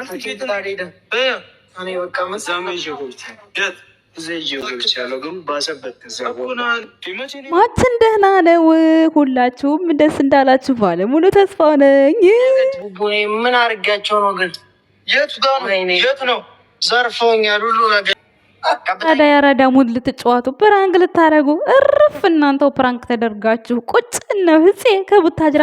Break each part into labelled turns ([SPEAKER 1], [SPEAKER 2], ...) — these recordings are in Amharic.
[SPEAKER 1] ማችን ደህና ነው። ሁላችሁም ደስ እንዳላችሁ ባለ ሙሉ ተስፋ ነኝ። ምን አርጋቸው ነው ግን? የቱ ነው ሁሉ ነገር ታዲያ ሙድ ልትጫወቱ ፕራንክ እርፍ እናንተው ፕራንክ ተደርጋችሁ ቁጭ ነው ህፄ ከቡታጅራ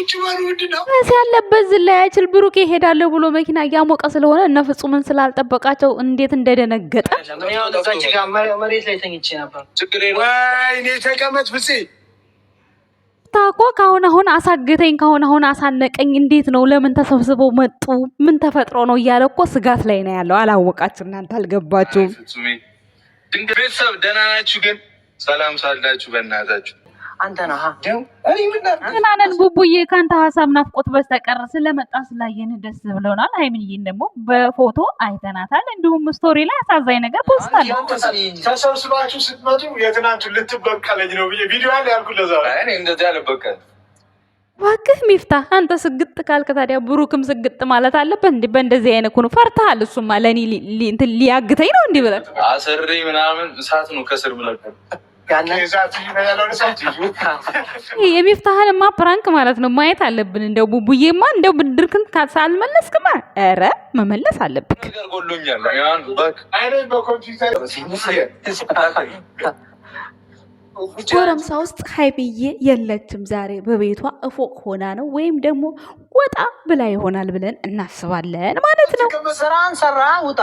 [SPEAKER 1] እዚህ ያለበት ዝላያችል ብሩክ ይሄዳለሁ ብሎ መኪና እያሞቀ ስለሆነ እነ ፍጹምን ስላልጠበቃቸው እንዴት እንደደነገጠ ታኮ ካሁን አሁን አሳግተኝ ካሁን አሁን አሳነቀኝ እንዴት ነው ለምን ተሰብስበው መጡ ምን ተፈጥሮ ነው እያለ እኮ ስጋት ላይ ነው ያለው አላወቃችሁ እናንተ አልገባችሁም ቤተሰብ ደህና ናችሁ ግን ሰላም ሳላችሁ በእናታችሁ ምናነን ቡቡዬ ከአንተ ሀሳብ ናፍቆት በስተቀር ስለመጣ ስላየን ደስ ብለውናል። ሀይሚዬን ደግሞ በፎቶ አይተናታል። እንዲሁም ስቶሪ ላይ አሳዛኝ ነገር ፖስታል። ተሰብስባችሁ ስትመጡ የትናንቱ ልትበቀለኝ ነው ብዬ ቪዲዮ ያልኩት ለዛ እባክህ ሚፍታህ አንተ ስግጥ ካልክ ታዲያ ብሩክም ስግጥ ማለት አለበት። እንዲ በእንደዚህ አይነት ኩኑ ፈርተሃል። እሱማ ለእኔ ሊያግተኝ ነው እንዲህ ብለን አስሬ ምናምን እሳት ነው ከስር ብለህ የሚፍታህንማ ፕራንክ ማለት ነው ማየት አለብን። እንደው ቡቡዬማ እንደው ብድርክን ሳልመለስክማ፣ ኧረ መመለስ አለብክ። ጎረምሳ ውስጥ ሀይሚዬ የለችም ዛሬ በቤቷ እፎቅ ሆና ነው ወይም ደግሞ ወጣ ብላ ይሆናል ብለን እናስባለን ማለት ነው። ስራን ሰራ ውጣ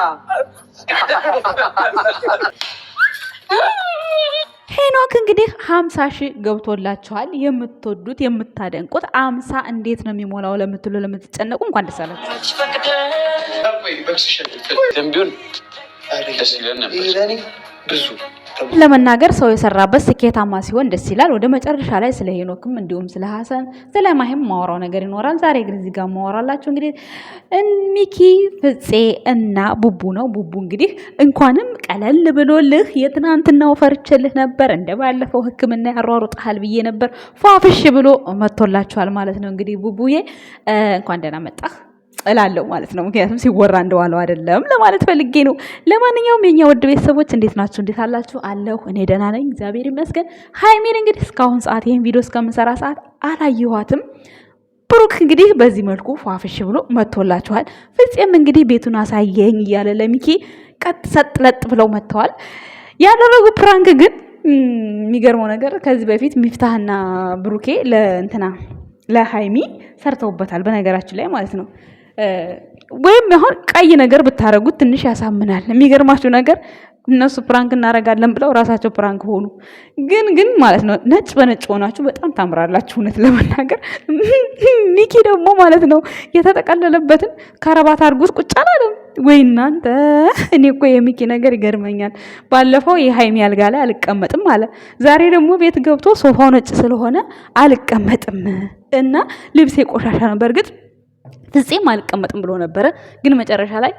[SPEAKER 1] ሄኖክ እንግዲህ ሀምሳ ሺህ ገብቶላችኋል። የምትወዱት የምታደንቁት አምሳ እንዴት ነው የሚሞላው ለምትሉ ለምትጨነቁ እንኳን ደስ አላችሁ። ብዙ ለመናገር ሰው የሰራበት ስኬታማ ሲሆን ደስ ይላል። ወደ መጨረሻ ላይ ስለ ሄኖክም እንዲሁም ስለ ሀሰን ስለ ማሄም ማወራው ነገር ይኖራል። ዛሬ ግን እዚህ ጋር ማወራላችሁ እንግዲህ ሚኪ ፍፄ እና ቡቡ ነው። ቡቡ እንግዲህ እንኳንም ቀለል ብሎልህ የትናንትናው ፈርችልህ ነበር እንደ ባለፈው ሕክምና ያሯሩጥሃል ብዬ ነበር። ፏፍሽ ብሎ መጥቶላችኋል ማለት ነው። እንግዲህ ቡቡዬ እንኳን ደህና መጣህ። እላለሁ ማለት ነው። ምክንያቱም ሲወራ እንደዋለው አይደለም ለማለት ፈልጌ ነው። ለማንኛውም የኛ ውድ ቤተሰቦች እንዴት ናችሁ? እንዴት አላችሁ? አለሁ እኔ ደህና ነኝ፣ እግዚአብሔር ይመስገን። ሀይሜን እንግዲህ እስካሁን ሰዓት ይህን ቪዲዮ እስከምሰራ ሰዓት አላየኋትም። ብሩክ እንግዲህ በዚህ መልኩ ፏፍሽ ብሎ መጥቶላችኋል። ፍጼም እንግዲህ ቤቱን አሳየኝ እያለ ለሚኪ ቀጥ ሰጥ ለጥ ብለው መጥተዋል። ያደረጉ ፕራንክ ግን የሚገርመው ነገር ከዚህ በፊት ሚፍታህና ብሩኬ ለእንትና ለሀይሚ ሰርተውበታል። በነገራችን ላይ ማለት ነው ወይም አሁን ቀይ ነገር ብታደረጉት ትንሽ ያሳምናል። የሚገርማችሁ ነገር እነሱ ፕራንክ እናደርጋለን ብለው ራሳቸው ፕራንክ ሆኑ። ግን ግን ማለት ነው ነጭ በነጭ ሆናችሁ በጣም ታምራላችሁ። እውነት ለመናገር ሚኪ ደግሞ ማለት ነው የተጠቀለለበትን ከረባት አድርጎት ቁጭ አላለም ወይ እናንተ። እኔ እኮ የሚኪ ነገር ይገርመኛል። ባለፈው የሀይሚ አልጋ ላይ አልቀመጥም አለ። ዛሬ ደግሞ ቤት ገብቶ ሶፋው ነጭ ስለሆነ አልቀመጥም እና ልብሴ ቆሻሻ ነው በእርግጥ ፍፄም አልቀመጥም ብሎ ነበረ። ግን መጨረሻ ላይ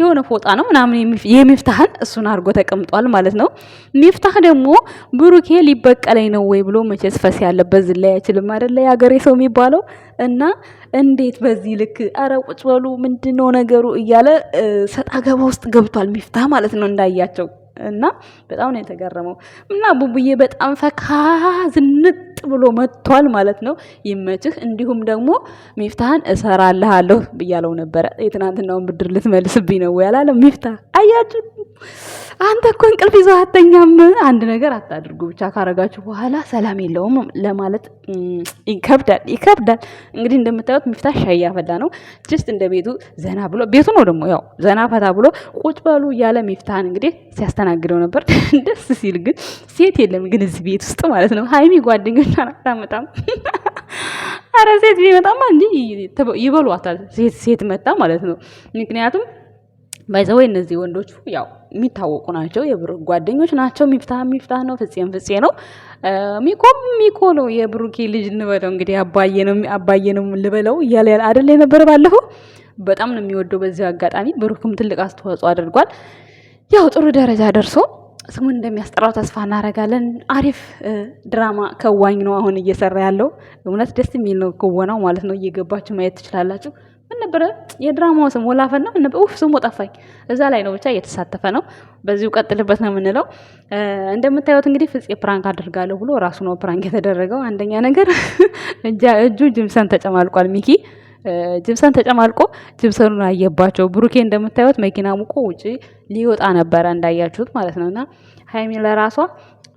[SPEAKER 1] የሆነ ፎጣ ነው ምናምን የሚፍታህን እሱን አድርጎ ተቀምጧል ማለት ነው። ሚፍታህ ደግሞ ብሩኬ ሊበቀለኝ ነው ወይ ብሎ መቼስ ፈስ ያለበት ዝላይ አይችልም አይደለ የሀገሬ ሰው የሚባለው እና እንዴት በዚህ ልክ ኧረ ቁጭ በሉ ምንድነው ነገሩ እያለ ሰጣ ገባ ውስጥ ገብቷል ሚፍታህ ማለት ነው እንዳያቸው እና በጣም ነው የተገረመው እና ቡቡዬ በጣም ፈካ ዝንጥ ፍጥጥ ብሎ መጥቷል ማለት ነው። ይመችህ። እንዲሁም ደግሞ ሚፍታህን እሰራልሃለሁ ብያለው ነበረ። የትናንትናውን ብድር ልትመልስብኝ ነው ያላለም ሚፍታህ። አያችሁ፣ አንተ እኮ እንቅልፍ ይዘው አተኛም። አንድ ነገር አታድርጉ ብቻ ካረጋችሁ በኋላ ሰላም የለውም ለማለት ይከብዳል፣ ይከብዳል። እንግዲህ እንደምታዩት ሚፍታህ ሻይ እያፈላ ነው። ጅስት እንደ ቤቱ ዘና ብሎ ቤቱ ነው ደግሞ ያው ዘና ፈታ ብሎ ቁጭ በሉ እያለ ሚፍታህን እንግዲህ ሲያስተናግደው ነበር። ደስ ሲል ግን ሴት የለም ግን እዚህ ቤት ውስጥ ማለት ነው። ሀይሚ ጓደኞች እናት አታመጣም። አረ ሴት ቢመጣማ እንዲህ ይበሏታል። ሴት መጣ ማለት ነው። ምክንያቱም ባይዘወይ እነዚህ ወንዶቹ ያው የሚታወቁ ናቸው። የብሩክ ጓደኞች ናቸው። ሚፍታህ ሚፍታህ ነው፣ ፍፄም ፍፄ ነው፣ ሚኮም ሚኮ ነው። የብሩኬ ልጅ እንበለው እንግዲህ አባዬ ነው ልበለው እያለ አደለ የነበረ ባለፈው። በጣም ነው የሚወደው። በዚህ አጋጣሚ ብሩክም ትልቅ አስተዋጽኦ አድርጓል። ያው ጥሩ ደረጃ ደርሶ ስሙን እንደሚያስጠራው ተስፋ እናደርጋለን። አሪፍ ድራማ ከዋኝ ነው አሁን እየሰራ ያለው እውነት ደስ የሚል ነው ክወናው ማለት ነው። እየገባችሁ ማየት ትችላላችሁ። ምን ነበረ የድራማው ስም? ወላፈና ምን ነበር? ስሙ ጠፋኝ። እዛ ላይ ነው ብቻ እየተሳተፈ ነው። በዚሁ ቀጥልበት ነው የምንለው። እንደምታዩት እንግዲህ ፍፄ ፕራንክ አድርጋለሁ ብሎ ራሱ ነው ፕራንክ የተደረገው። አንደኛ ነገር እጁ ጅምሰን ተጨማልቋል ሚኪ ጅብሰን ተጨማልቆ ጅብሰኑን አየባቸው። ብሩኬ እንደምታዩት መኪና ሙቆ ውጪ ሊወጣ ነበረ እንዳያችሁት ማለት ነው። እና ሀይሚ ለራሷ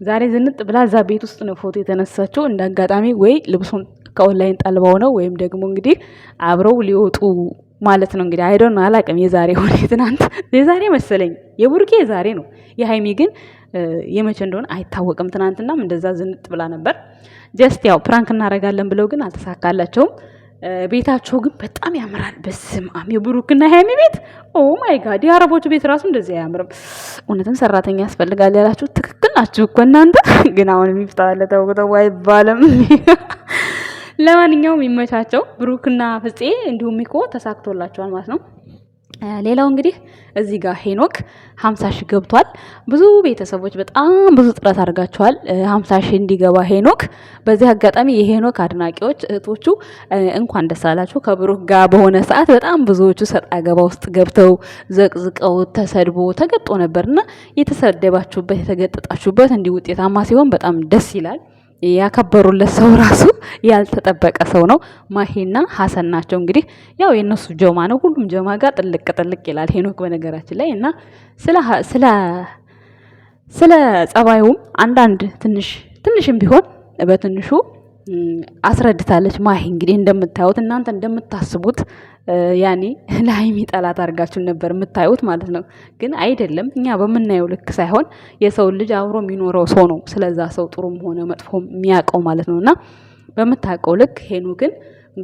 [SPEAKER 1] ዛሬ ዝንጥ ብላ እዛ ቤት ውስጥ ነው ፎቶ የተነሳችው። እንደ አጋጣሚ ወይ ልብሱን ከኦንላይን ጠልበው ነው ወይም ደግሞ እንግዲህ አብረው ሊወጡ ማለት ነው እንግዲህ አይዶን ነው አላቅም። የዛሬ ሆነ የዛሬ መሰለኝ የቡርኬ የዛሬ ነው። የሀይሚ ግን የመቼ እንደሆነ አይታወቅም። ትናንትናም እንደዛ ዝንጥ ብላ ነበር። ጀስት ያው ፕራንክ እናደርጋለን ብለው ግን አልተሳካላቸውም። ቤታቸው ግን በጣም ያምራል። በስም የብሩክና ሀይሚ ቤት ኦ ማይ ጋድ! የአረቦቹ ቤት ራሱ እንደዚህ አያምርም። እውነትም ሰራተኛ ያስፈልጋል ያላችሁ ትክክል ናችሁ እኮ እናንተ። ግን አሁን የሚፍታለ ተውቁተው አይባልም። ለማንኛውም ይመቻቸው ብሩክና ፍፄ፣ እንዲሁም ሚኮ ተሳክቶላቸዋል ማለት ነው። ሌላው እንግዲህ እዚህ ጋር ሄኖክ ሀምሳ ሺህ ገብቷል። ብዙ ቤተሰቦች በጣም ብዙ ጥረት አድርጋቸዋል። ሀምሳ ሺህ እንዲገባ ሄኖክ። በዚህ አጋጣሚ የሄኖክ አድናቂዎች እህቶቹ እንኳን ደስ አላቸው ከብሩክ ጋር በሆነ ሰዓት በጣም ብዙዎቹ ሰጥ አገባ ውስጥ ገብተው ዘቅዝቀው ተሰድቦ ተገጦ ነበርና የተሰደባችሁበት የተገጠጣችሁበት እንዲህ ውጤታማ ሲሆን በጣም ደስ ይላል። ያከበሩለት ሰው ራሱ ያልተጠበቀ ሰው ነው። ማሄና ሀሰን ናቸው እንግዲህ ያው የእነሱ ጀማ ነው። ሁሉም ጀማ ጋር ጥልቅ ጥልቅ ይላል ሄኖክ በነገራችን ላይ እና ስለ ስለ ጸባዩም አንዳንድ ትንሽ ትንሽም ቢሆን በትንሹ አስረድታለች። ማሂ እንግዲህ እንደምታዩት እናንተ እንደምታስቡት ያኔ ለሀይሚ ጠላት አድርጋችሁ ነበር የምታዩት ማለት ነው። ግን አይደለም፣ እኛ በምናየው ልክ ሳይሆን የሰው ልጅ አብሮ የሚኖረው ሰው ነው ስለዛ ሰው ጥሩም ሆነ መጥፎ የሚያውቀው ማለት ነው። እና በምታውቀው ልክ ሄኑ ግን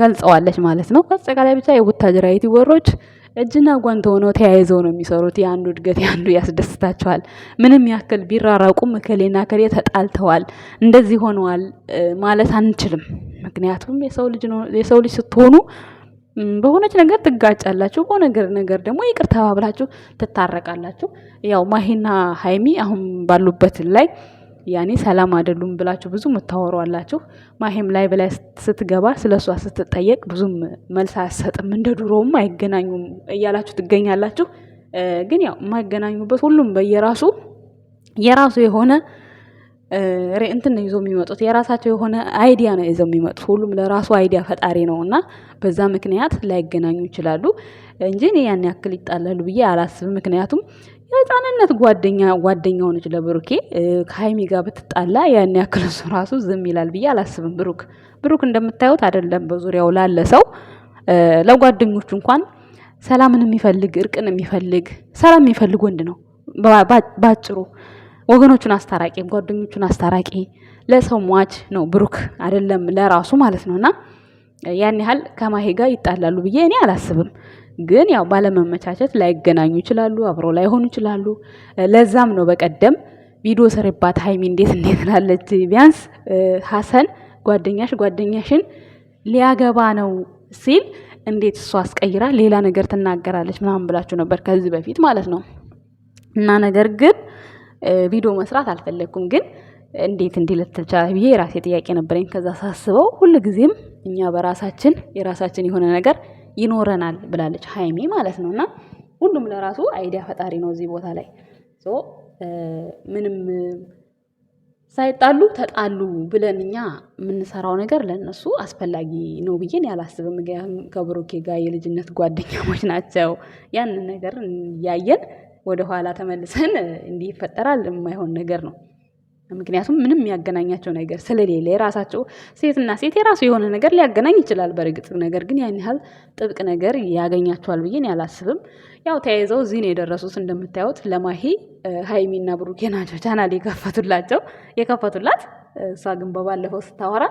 [SPEAKER 1] ገልጸዋለች ማለት ነው። በአጠቃላይ ብቻ የቡታጅራዊት ወሮች እጅና ጓንት ሆነው ተያይዘው ነው የሚሰሩት። የአንዱ እድገት የአንዱ ያስደስታቸዋል። ምንም ያክል ቢራራቁም እከሌና እከሌ ተጣልተዋል፣ እንደዚህ ሆነዋል ማለት አንችልም። ምክንያቱም የሰው ልጅ ስትሆኑ በሆነች ነገር ትጋጫላችሁ፣ በነገር ነገር ደግሞ ይቅር ተባብላችሁ ትታረቃላችሁ። ያው ማሂና ሀይሚ አሁን ባሉበት ላይ ያኔ ሰላም አይደሉም ብላችሁ ብዙ የምታወሩ አላችሁ። ማሄም ላይ በላይ ስትገባ ስለ እሷ ስትጠየቅ ብዙም መልስ አያሰጥም፣ እንደ ድሮውም አይገናኙም እያላችሁ ትገኛላችሁ። ግን ያው የማይገናኙበት ሁሉም በየራሱ የራሱ የሆነ እንትን ይዞ የሚመጡት የራሳቸው የሆነ አይዲያ ነው ይዘው የሚመጡት። ሁሉም ለራሱ አይዲያ ፈጣሪ ነው እና በዛ ምክንያት ላይገናኙ ይችላሉ እንጂ እኔ ያን ያክል ይጣላሉ ብዬ አላስብም። ምክንያቱም የህፃንነት ጓደኛ ጓደኛ ሆነች ለብሩኬ። ከሀይሚ ጋር ብትጣላ ያን ያክል እሱ ራሱ ዝም ይላል ብዬ አላስብም። ብሩክ ብሩክ እንደምታዩት አይደለም በዙሪያው ላለ ሰው ለጓደኞቹ እንኳን ሰላምን የሚፈልግ እርቅን የሚፈልግ ሰላም የሚፈልግ ወንድ ነው። ባጭሩ ወገኖቹን አስታራቂ፣ ጓደኞቹን አስታራቂ፣ ለሰው ሟች ነው ብሩክ አይደለም ለራሱ ማለት ነውና ያን ያህል ከማሄ ጋር ይጣላሉ ብዬ እኔ አላስብም። ግን ያው ባለመመቻቸት ላይገናኙ ይችላሉ፣ አብሮ ላይሆኑ ይችላሉ። ለዛም ነው በቀደም ቪዲዮ ሰርባት ሀይሚ እንዴት እንዴት ላለች ቢያንስ ሀሰን ጓደኛሽ ጓደኛሽን ሊያገባ ነው ሲል እንዴት እሷ አስቀይራ ሌላ ነገር ትናገራለች ምናምን ብላችሁ ነበር ከዚህ በፊት ማለት ነው። እና ነገር ግን ቪዲዮ መስራት አልፈለግኩም። ግን እንዴት እንዲህ ልትቻ ብዬ የራሴ ጥያቄ ነበረኝ። ከዛ ሳስበው ጊዜም እኛ በራሳችን የራሳችን የሆነ ነገር ይኖረናል ብላለች ሀይሚ ማለት ነው። እና ሁሉም ለራሱ አይዲያ ፈጣሪ ነው እዚህ ቦታ ላይ ምንም ሳይጣሉ ተጣሉ ብለን እኛ የምንሰራው ነገር ለእነሱ አስፈላጊ ነው ብዬን ያላስብም። ከብሩኬ ጋር የልጅነት ጓደኛሞች ናቸው። ያንን ነገር እያየን ወደኋላ ተመልሰን እንዲህ ይፈጠራል የማይሆን ነገር ነው። ምክንያቱም ምንም የሚያገናኛቸው ነገር ስለሌለ የራሳቸው ሴትና ሴት የራሱ የሆነ ነገር ሊያገናኝ ይችላል በእርግጥ ነገር ግን ያን ያህል ጥብቅ ነገር ያገኛቸዋል ብዬን ያላስብም። አላስብም። ያው ተያይዘው እዚህ ነው የደረሱት እንደምታዩት ለማሂ ሀይሚና ብሩኬ ናቸው ቻናል የከፈቱላቸው የከፈቱላት። እሷ ግን በባለፈው ስታወራ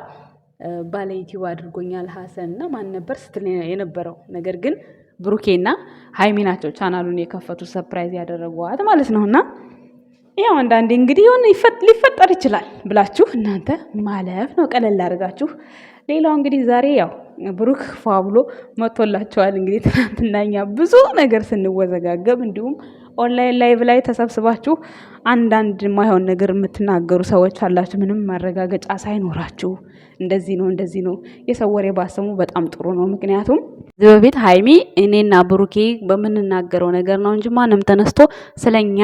[SPEAKER 1] ባለ ዩቲዩብ አድርጎኛል ሀሰን እና ማን ነበር ስትል የነበረው ነገር ግን ብሩኬና ሀይሚ ናቸው ቻናሉን የከፈቱ ሰፕራይዝ ያደረጉዋት ማለት ነውና ያው አንዳንዴ እንግዲህ የሆነ ሊፈጠር ይችላል ብላችሁ እናንተ ማለፍ ነው ቀለል አድርጋችሁ። ሌላው እንግዲህ ዛሬ ያው ብሩክ ፏ ብሎ መጥቶላቸዋል። እንግዲህ ትናንትና እኛ ብዙ ነገር ስንወዘጋገብ እንዲሁም ኦንላይን ላይቭ ላይ ተሰብስባችሁ አንዳንድ የማይሆን ነገር የምትናገሩ ሰዎች አላችሁ። ምንም ማረጋገጫ ሳይኖራችሁ እንደዚህ ነው እንደዚህ ነው የሰው ወሬ ባሰሙ በጣም ጥሩ ነው። ምክንያቱም እዚህ በፊት ሀይሚ እኔና ብሩኬ በምንናገረው ነገር ነው እንጂ ማንም ተነስቶ ስለኛ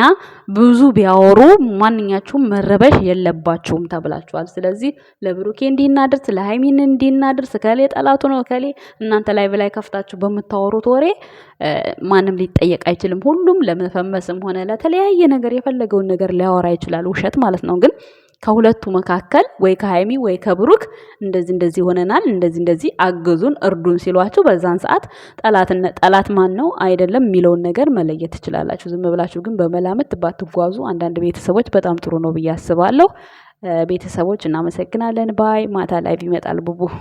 [SPEAKER 1] ብዙ ቢያወሩ ማንኛችሁም መረበሽ የለባችሁም ተብላችኋል። ስለዚህ ለብሩኬ እንዲናድርስ ለሀይሚን እንዲናድርስ ከሌ ጠላቱ ነው ከሌ እናንተ ላይ በላይ ከፍታችሁ በምታወሩት ወሬ ማንም ሊጠየቅ አይችልም። ሁሉም ለመፈመስም ሆነ ለተለያየ ነገር የፈለገውን ነገር ሊያወራ ይችላል፣ ውሸት ማለት ነው ግን ከሁለቱ መካከል ወይ ከሀይሚ ወይ ከብሩክ እንደዚህ እንደዚህ ሆነናል፣ እንደዚህ እንደዚህ አግዙን፣ እርዱን ሲሏቸው በዛን ሰዓት ጠላት ማን ነው አይደለም የሚለውን ነገር መለየት ትችላላችሁ። ዝም ብላችሁ ግን በመላምት ባትጓዙ አንዳንድ ቤተሰቦች በጣም ጥሩ ነው ብዬ አስባለሁ። ቤተሰቦች እናመሰግናለን። ባይ ማታ ላይ ይመጣል ቡቡ